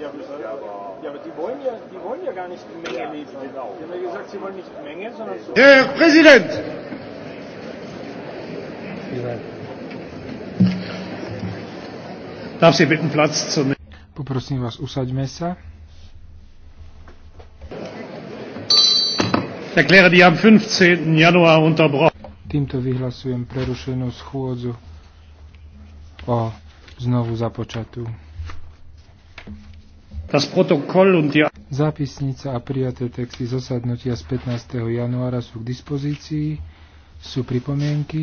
Ja, aber, ja, aber die, wollen ja, die wollen ja gar nicht die Menge ja, liefern. Genau. Die haben ja gesagt, sie wollen nicht die Menge, sondern so. Herr Präsident! Darf Sie bitten Platz zu nehmen? Poprosím vás, usaďme sa. Erkläre die am 15. Januar unterbrochen. Týmto vyhlasujem prerušenú schôdzu o znovu započatú. Zápisnica a prijaté texty zasadnutia z 15. januára sú k dispozícii. Sú pripomienky?